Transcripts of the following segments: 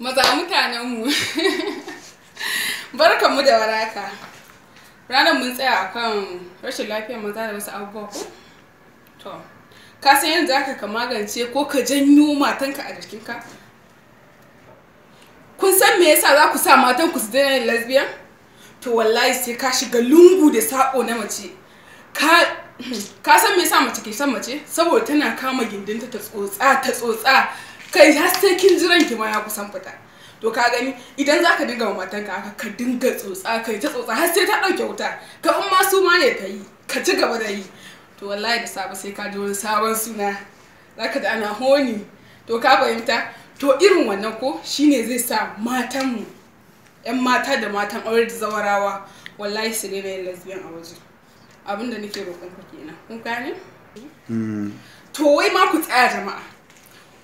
maza mutanenmu barkanmu da waraka ranar mun tsaya akan rashin lafiyar maza da wasu abubuwa ko to ka san yadda zaka ka magance ko ka janyo matanka a jikinka kun san me yasa za ku sa matan ku su daina lesbian to wallahi sai ka shiga lungu da sako na mace ka ka san me yasa mace ke son mace saboda tana kama gindinta ta tsotsa ta tsotsa kai har sai kin jiran ki ma ya kusan fita to ka gani idan za ka dinga matanka aka ka dinga tsotsa kai ta tsotsa har sai ta ɗauke wuta ka in ma su ma ne ta yi ka ci gaba da yi to wallahi da safe sai ka ji wani sabon suna za ka ji ana honi to ka fahimta to irin wannan ko shine zai sa matanmu 'yan mata da matan aure da zawarawa wallahi su ne yin lesbian a waje abinda nake roƙon ku kenan kun gane mm. to wai ma ku tsaya jama'a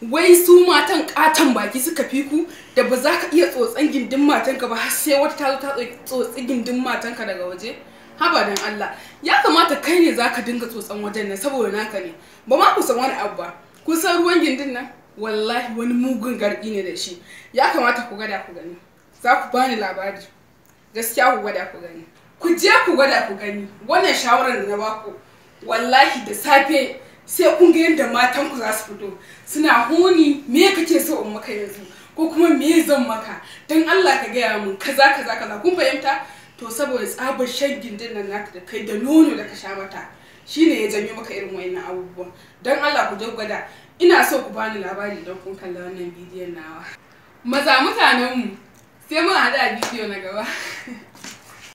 wai su matan katon baki suka fi ku da ba za ka iya tsotsan gindin matanka ba har sai wata ta zo ta tsotsi gindin matanka daga waje haba dan Allah ya kamata kai ne za ka dinga tsotsan wajen nan saboda naka ne ba ma ku san wani abu ba ku san ruwan gindin nan wallahi wani mugun gargi ne da shi ya kamata ku gada ku gani za ku bani labari gaskiya ku gada ku gani ku je ku gada ku gani wannan shawarar da na baku wallahi da safe sai kun ga yadda matan ku za su fito suna honi me kake so in maka yanzu ko kuma me zan maka dan Allah ka gaya mun kaza kaza kaza kun fahimta to saboda tsabar shan gindin nan naka da kai da nono da ka sha mata shine ya janyo maka irin wayannan abubuwa don Allah ku jaggada ina so ku bani labari idan kun kalla wannan bidiyon nawa maza mutanen mu sai mun hada bidiyo na gaba